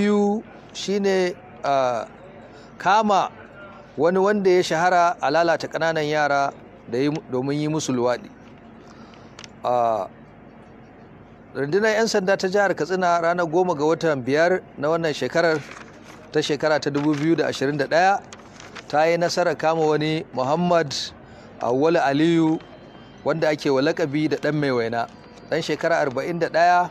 biyu shine kama wani wanda ya shahara a lalata kananan yara domin yi musu luwaɗi rundunar 'yan sanda ta jihar katsina ranar goma ga watan biyar na wannan shekarar ta shekara ta 2021 ta yi nasarar kama wani muhammad awwal aliyu wanda ake wa lakabi da ɗan mai waina ɗan shekara 41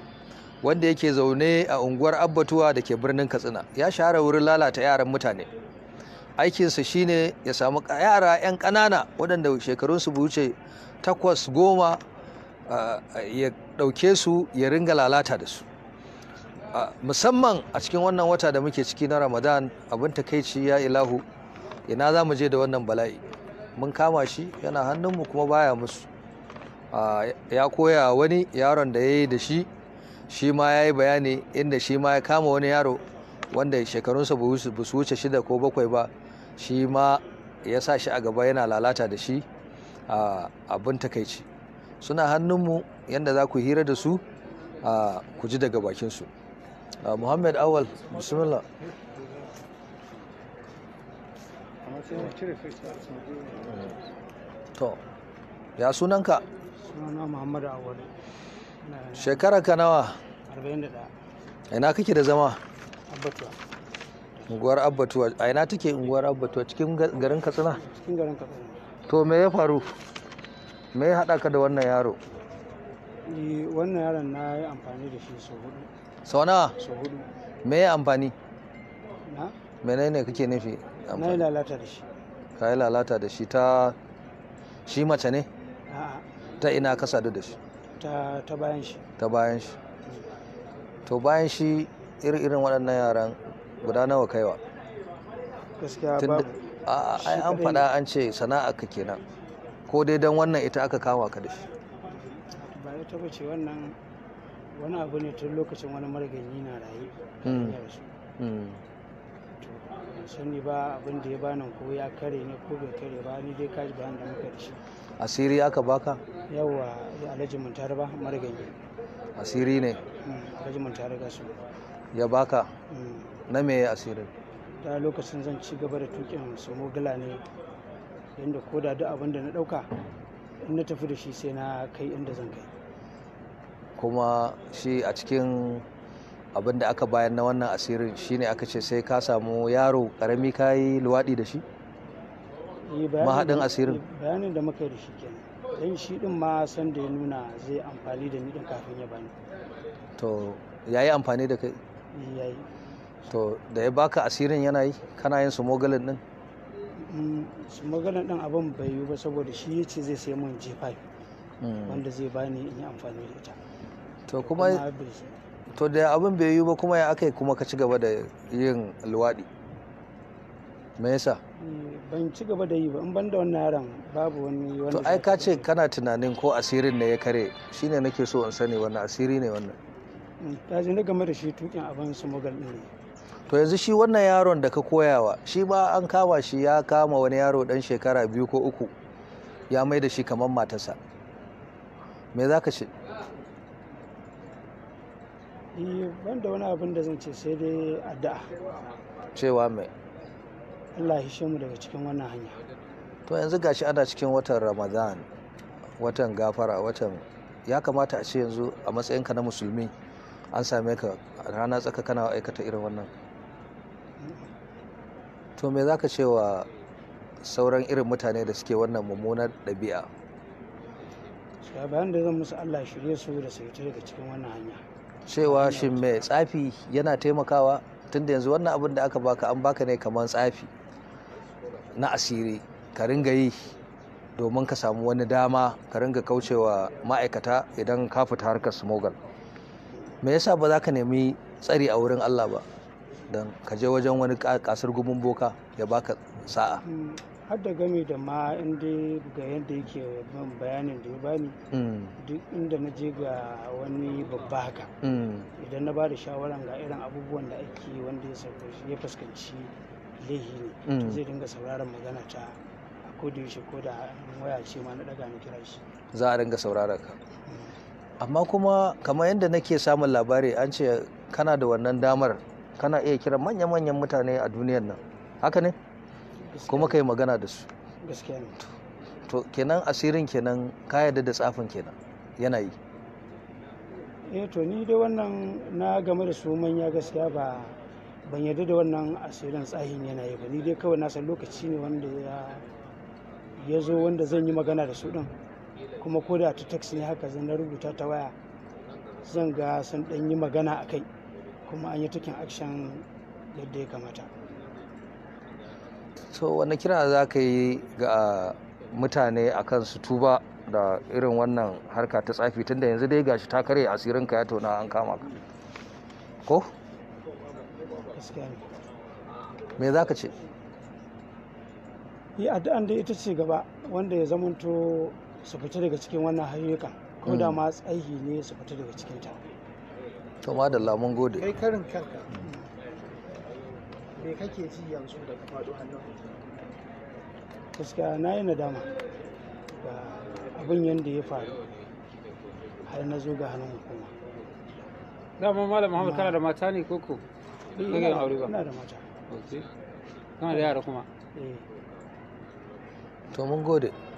wanda yake zaune a unguwar abbatuwa da ke birnin katsina ya shahara wurin lalata yaran mutane aikinsa shine ya samu yara 'yan ƙanana waɗanda shekarunsu buce, takwas goma ya ɗauke su ya ringa lalata da su musamman a cikin wannan wata da muke ciki na ramadan abin takaici ya ilahu ina za mu je da wannan bala'i mun kama shi yana hannunmu kuma baya musu ya koya wani yaron da ya yi da shi shi ma ya yi bayani inda shi ma ya kama wani yaro wanda shekarunsa ba su wuce shida ko bakwai ba shi ma ya sa shi a gaba yana lalata da shi abin takaici suna hannunmu yadda za ku hira da su ku ji daga bakinsu muhammad awal bismillah to ya sunanka sunana muhammad awal shekara ka nawa 41 ina kake da zama abbatuwa unguwar abbatuwa a ina take unguwar abbatuwa cikin garin katsina cikin garin katsina to me ya faru me ya hada ka da wannan yaro wannan yaron na yi amfani da shi sau hudu sau nawa sau hudu me ya amfani na menene kake nufi na yi lalata da shi ka yi lalata da shi ta shi mace ne ta ina ka sadu da shi ta bayan shi ta bayan shi to bayan shi irin waɗannan yaran guda nawa kaiwa gaskiya babu ai an faɗa an ce sana'a ka kenan ko dai don wannan ita aka kama ka da shi ba ita ba ce wannan wani abu ne tun lokacin wani margani na raye hmm. hmm. sani ba abin da ya bani ko ya kare ne ko bai kare ba ni dai kaji bayan da muka da shi asiri aka baka yawa ya alhaji muntari ba marigayi asiri ne mm, alhaji muntari ga su ya baka mm. na me asiri da lokacin zan ci gaba da tukin sumo gala ne yadda ko da duk abin da na dauka in na tafi da shi sai na kai inda zan kai kuma shi a cikin abin da aka bayan na wannan asirin shine aka ce sai ka samu yaro karami kayi luwaɗi da shi Eh, mahaɗin asirin bayanin da muka yi da shi kenan dan shi din ma san da ya nuna zai amfani da ni din kafin ya bani to yayi amfani da kai eh, yayi to da ya baka asirin yana yi kana yin su mogalin din mm, su maganar ɗin abin bai yi ba saboda shi ya ce zai sai mun g5 mm. wanda zai bani in yi amfani da ita to kuma to da abin bai yi ba kuma ya aka yi kuma ka ci gaba da yin luwaɗi me yasa ban ci gaba da yi ba in ban da wannan yaron babu wani wani to ai ka ce kana tunanin ko asirin ne ya kare shine nake so in sani wannan asiri ne wannan mm, ta ji na game da shi tukin abin su mugal ne to yanzu shi wannan yaron da ka koyawa shi ba an kama shi ya kama wani yaro dan shekara biyu ko uku ya mai da shi kamar matarsa me za ka ce eh, ban da wani abin da zan ce sai dai addu'a cewa mai Allah ya mu daga cikin wannan hanya to yanzu gashi ana cikin watan Ramadan watan gafara watan ya kamata a ce yanzu a matsayinka na musulmi an same ka rana tsaka kana aikata irin wannan to me za ka ce wa sauran irin mutane da suke wannan mummunar ɗabi'a bayan da zan musu allah shirye su da sauki daga cikin wannan hanya cewa shin mai tsafi yana taimakawa tunda yanzu wannan abin da aka baka an baka ne kamar tsafi na asiri ka ringa yi domin ka samu wani dama ka ringa kaucewa ma'aikata idan ka fita harkar smogal me yasa ba za ka nemi tsari a wurin allah ba don ka je wajen wani kasar gumin boka ya baka sa'a hmm, har da game da ma inda ga yadda yake ban bayanin da ya bani hmm. duk inda na je ga wani babba haka hmm. idan na ba da shawaran ga irin abubuwan da ake wanda ya fuskanci lehi ne mm. to zai dinga sauraron magana ta a koda yaushe ko da waya ce ma na daga na kira shi za a dinga sauraron ka mm. amma kuma kamar yadda nake samun labari an ce kana da wannan damar kana iya kira manya-manyan mutane a duniyar nan haka ne kuma kai magana da su gaskiya ne to kenan asirin kenan ka yarda da tsafin kenan yana yi eh to ni dai wannan na game da su manya gaskiya ba ban yarda da wannan asirin tsahin yanayi ba ni dai kawai na san lokaci ne wanda ya zo wanda zan yi magana da su din kuma ko da ta taxi ne haka zan na rubuta ta waya zan ga sun dan yi magana a kai kuma an yi takin action yadda ya kamata so wani kira za ka yi ga mutane a kan su tuba da irin wannan harka ta tsafi tunda yanzu dai gashi ta kare asirinka ya tona an kama ka ko me za ka ce yi addu'an da ita ce gaba wanda ya zamanto su fita daga cikin wannan hayyukan ko da hmm. ma tsaihi ne su fita daga cikin ta to ma da lamun gode kai karin kanka me kake ji yanzu da ka faɗo hannun gaskiya na yi nadama da abin yadda ya faru har na zo ga hannun hukuma dama malam muhammad kana da mata ne koko kake yara kuma eh. to mun gode